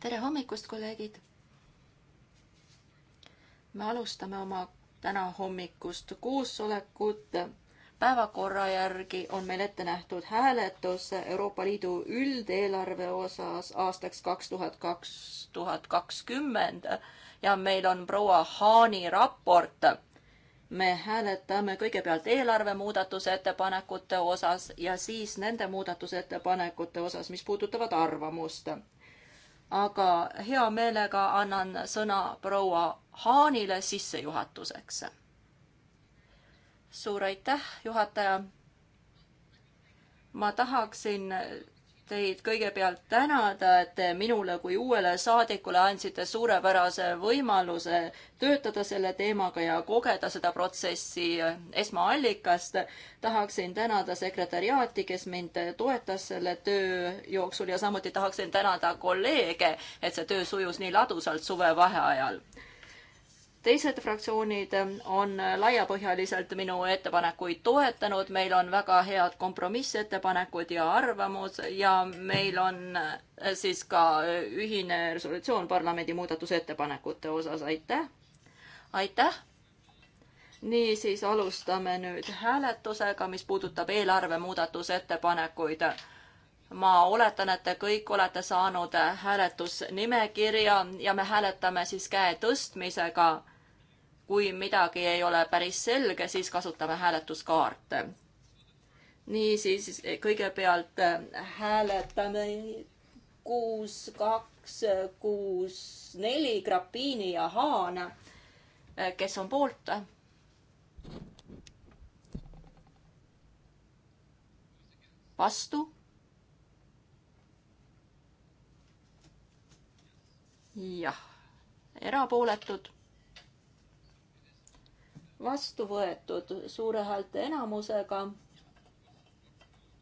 tere hommikust, kolleegid! me alustame oma täna hommikust koosolekut. päevakorra järgi on meil ette nähtud hääletus Euroopa Liidu üldeelarve osas aastaks kaks tuhat kaks tuhat kakskümmend ja meil on proua Haani raport me hääletame kõigepealt eelarve muudatusettepanekute osas ja siis nende muudatusettepanekute osas, mis puudutavad arvamust. aga hea meelega annan sõna proua Haanile sissejuhatuseks. suur aitäh, juhataja. ma tahaksin teid kõigepealt tänada, et te minule kui uuele saadikule andsite suurepärase võimaluse töötada selle teemaga ja kogeda seda protsessi esmaallikast. tahaksin tänada sekretäriaati, kes mind toetas selle töö jooksul ja samuti tahaksin tänada kolleege, et see töö sujus nii ladusalt suvevaheajal teised fraktsioonid on laiapõhjaliselt minu ettepanekuid toetanud, meil on väga head kompromissettepanekud ja arvamus ja meil on äh, siis ka äh, ühine resolutsioon parlamendi muudatusettepanekute osas, aitäh. aitäh. niisiis alustame nüüd hääletusega, mis puudutab eelarve muudatusettepanekuid ma oletan, et te kõik olete saanud hääletusnimekirja ja me hääletame siis käe tõstmisega kui midagi ei ole päris selge, siis kasutame hääletuskaarte. niisiis, kõigepealt äh, hääletame kuus, kaks, kuus, neli Grappini ja Haana. Äh, kes on poolt? vastu jah, erapooletud vastu võetud suure häälteenamusega.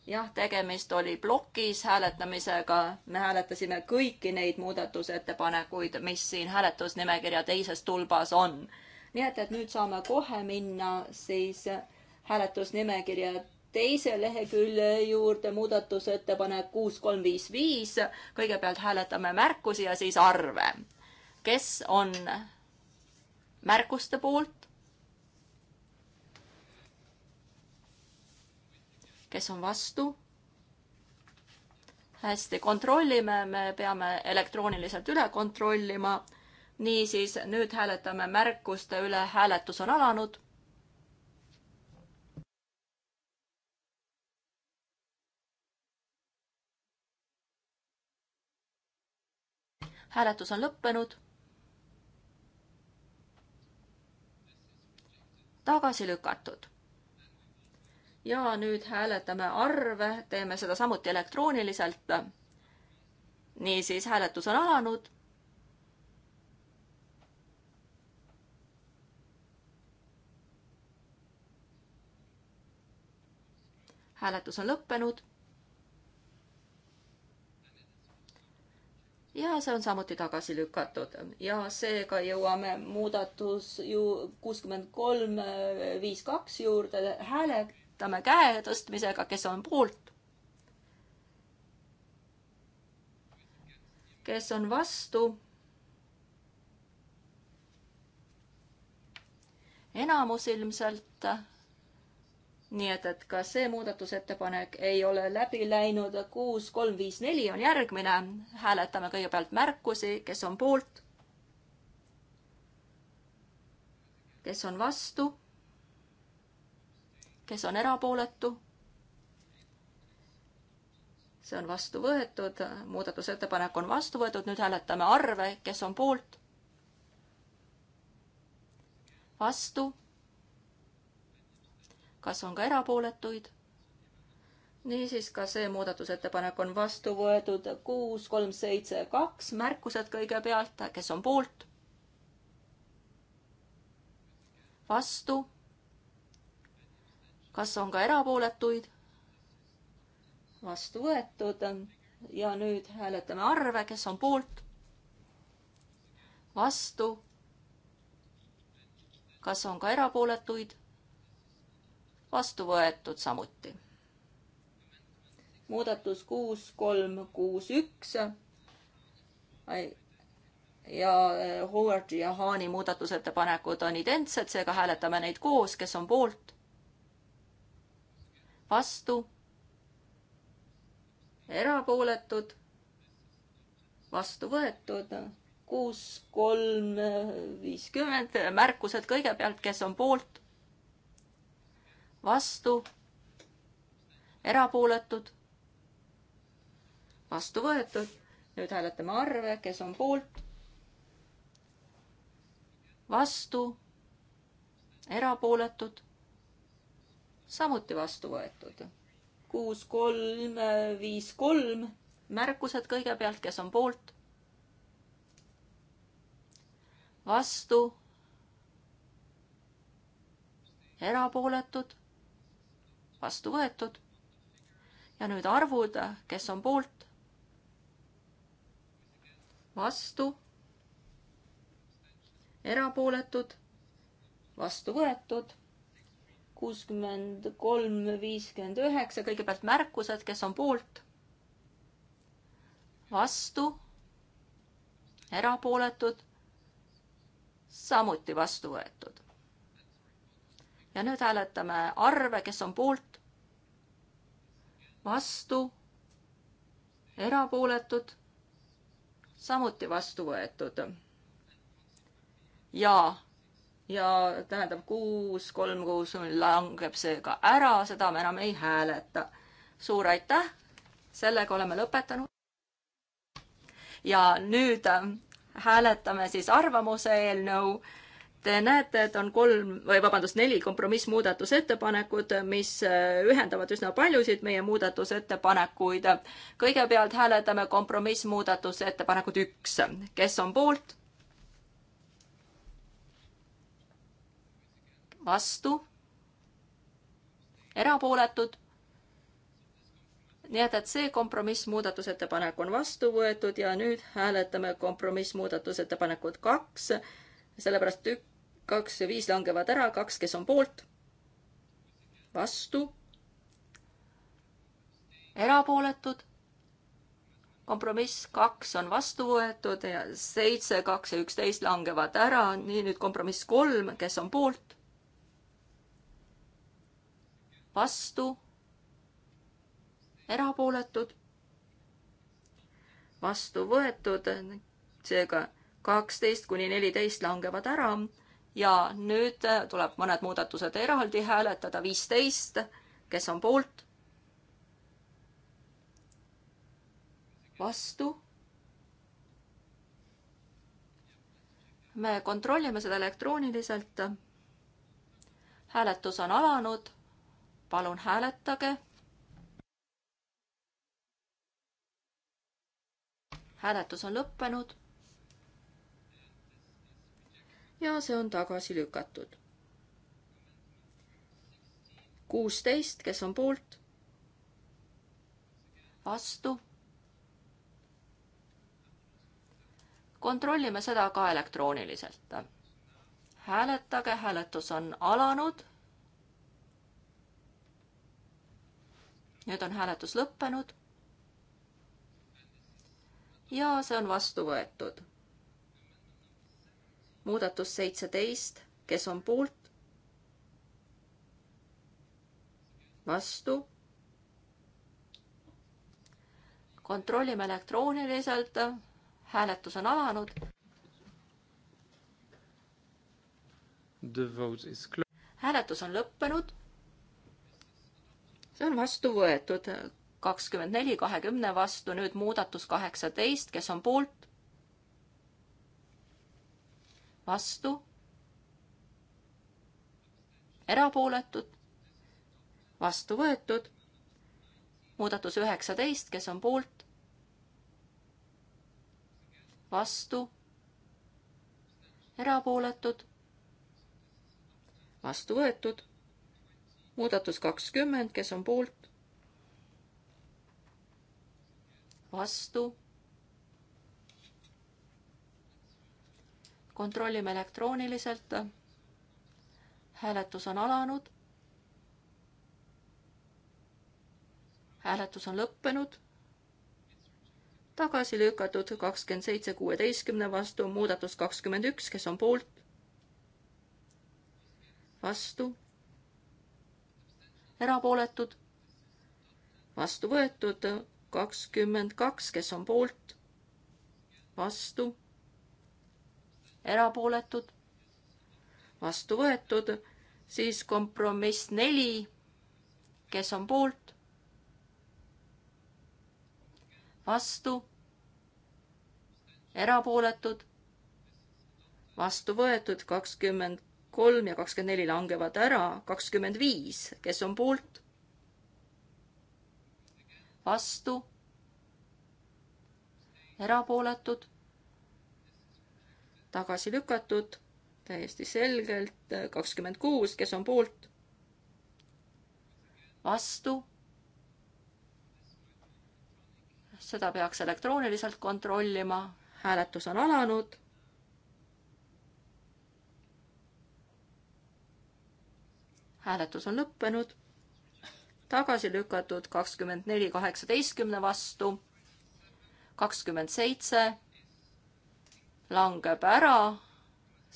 jah, tegemist oli plokis hääletamisega, me hääletasime kõiki neid muudatusettepanekuid, mis siin hääletusnimekirja teises tulbas on. nii et, et nüüd saame kohe minna siis hääletusnimekirja teise lehekülje juurde muudatusettepanek kuus, kolm, viis, viis. kõigepealt hääletame märkusi ja siis arve. kes on märkuste poolt? kes on vastu? hästi, kontrollime, me peame elektrooniliselt üle kontrollima. niisiis, nüüd hääletame märkuste üle, hääletus on alanud. hääletus on lõppenud. tagasi lükatud ja nüüd hääletame arve, teeme seda samuti elektrooniliselt. niisiis, hääletus on alanud. hääletus on lõppenud. ja see on samuti tagasi lükatud ja seega jõuame muudatus ju kuuskümmend kolm viis kaks juurde hääle hääletame käe tõstmisega, kes on poolt. kes on vastu? enamus ilmselt. nii et, et ka see muudatusettepanek ei ole läbi läinud. kuus, kolm, viis, neli on järgmine. hääletame kõigepealt märkusi, kes on poolt. kes on vastu kes on erapooletu? see on vastu võetud, muudatusettepanek on vastu võetud, nüüd hääletame arve, kes on poolt? vastu? kas on ka erapooletuid? niisiis, ka see muudatusettepanek on vastu võetud, kuus, kolm, seitse, kaks, märkused kõigepealt, kes on poolt? vastu kas on ka erapooletuid? vastu võetud ja nüüd hääletame arve, kes on poolt, vastu, kas on ka erapooletuid? vastu võetud samuti. muudatus kuus, kolm, kuus, üks ja eh, Howardi ja Haani muudatusettepanekud on identsed, seega hääletame neid koos, kes on poolt, vastu, erapooletud, vastu võetud, kuus, kolm, viiskümmend, märkused kõigepealt, kes on poolt, vastu, erapooletud, vastu võetud, nüüd hääletame arve, kes on poolt, vastu, erapooletud, samuti vastu võetud. kuus, kolm, viis, kolm, märkused kõigepealt, kes on poolt? vastu? erapooletud? vastu võetud? ja nüüd arvud, kes on poolt? vastu? erapooletud? vastu võetud kuuskümmend kolm, viiskümmend üheksa, kõigepealt märkused, kes on poolt, vastu, erapooletud, samuti vastu võetud. ja nüüd hääletame arve, kes on poolt, vastu, erapooletud, samuti vastu võetud. ja ja tähendab kuus, kolm kuus langeb seega ära, seda me enam ei hääleta. suur aitäh, sellega oleme lõpetanud. ja nüüd ähm, hääletame siis arvamuse eelnõu. Te näete, et on kolm või vabandust, neli kompromissmuudatusettepanekut, mis äh, ühendavad üsna paljusid meie muudatusettepanekuid. kõigepealt hääletame kompromissmuudatusettepanekut üks, kes on poolt vastu, erapooletud. nii et, et see kompromissmuudatusettepanek on vastu võetud ja nüüd hääletame kompromissmuudatusettepanekut kaks, sellepärast ük-, kaks ja viis langevad ära, kaks, kes on poolt, vastu, erapooletud kompromiss kaks on vastu võetud ja seitse, kaks ja üksteist langevad ära, nii nüüd kompromiss kolm, kes on poolt, vastu, erapooletud, vastu võetud, seega kaksteist kuni neliteist langevad ära ja nüüd tuleb mõned muudatused eraldi hääletada, viisteist, kes on poolt, vastu me kontrollime seda elektrooniliselt. hääletus on alanud palun hääletage. hääletus on lõppenud. ja see on tagasi lükatud. kuusteist, kes on poolt? vastu. kontrollime seda ka elektrooniliselt. hääletage, hääletus on alanud nüüd on hääletus lõppenud. ja see on vastu võetud. muudatus seitseteist, kes on poolt? vastu. kontrollime elektrooniliselt. hääletus on alanud. hääletus on lõppenud on vastu võetud kakskümmend neli, kahekümne vastu, nüüd muudatus kaheksateist, kes on poolt? vastu? erapooletud? vastu võetud? muudatus üheksateist, kes on poolt? vastu? erapooletud? vastu võetud muudatus kakskümmend, kes on poolt? vastu. kontrollime elektrooniliselt. hääletus on alanud. hääletus on lõppenud. tagasi lükatud kakskümmend seitse kuueteistkümne vastu, muudatus kakskümmend üks, kes on poolt? vastu erapooletud, vastu võetud kakskümmend kaks, kes on poolt, vastu, erapooletud, vastu võetud, siis kompromiss neli, kes on poolt, vastu, erapooletud, vastu võetud kakskümmend kolm ja kakskümmend neli langevad ära, kakskümmend viis, kes on poolt? vastu? erapooletud? tagasi lükatud, täiesti selgelt, kakskümmend kuus, kes on poolt? vastu? seda peaks elektrooniliselt kontrollima, hääletus on alanud hääletus on lõppenud. tagasi lükatud kakskümmend neli kaheksateistkümne vastu. kakskümmend seitse langeb ära,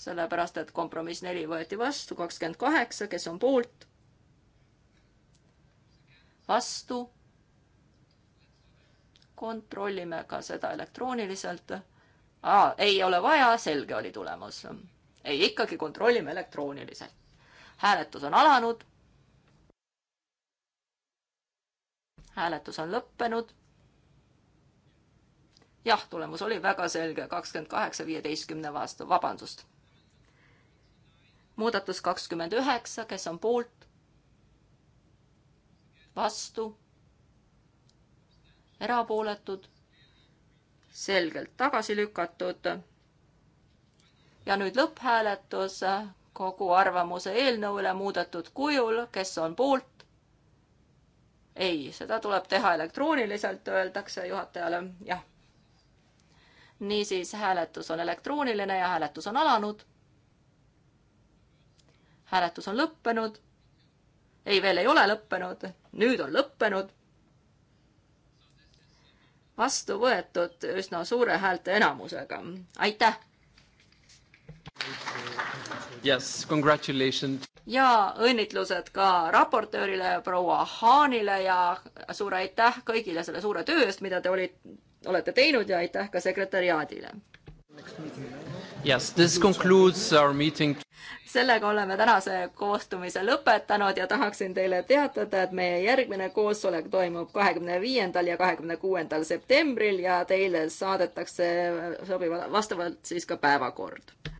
sellepärast et kompromiss neli võeti vastu, kakskümmend kaheksa, kes on poolt? vastu. kontrollime ka seda elektrooniliselt. ei ole vaja, selge oli tulemus. ei, ikkagi kontrollime elektrooniliselt hääletus on alanud. hääletus on lõppenud. jah, tulemus oli väga selge, kakskümmend kaheksa viieteistkümne vastu, vabandust. muudatus kakskümmend üheksa, kes on poolt? vastu? erapooletud? selgelt tagasi lükatud ja nüüd lõpphääletus kogu arvamuse eelnõu üle muudetud kujul, kes on poolt? ei, seda tuleb teha elektrooniliselt, öeldakse juhatajale, jah. niisiis, hääletus on elektrooniline ja hääletus on alanud. hääletus on lõppenud. ei, veel ei ole lõppenud, nüüd on lõppenud. vastu võetud üsna suure häälte enamusega. aitäh Yes, congratulations. ja õnnitlused ka raportöörile proua Haanile ja suur aitäh kõigile selle suure töö eest, mida te olite, olete teinud ja aitäh ka sekretäriaadile. Yes, this concludes our meeting. sellega oleme tänase koostumise lõpetanud ja tahaksin teile teatada, et meie järgmine koosolek toimub kahekümne viiendal ja kahekümne kuuendal septembril ja teile saadetakse sobiva, vastavalt siis ka päevakord.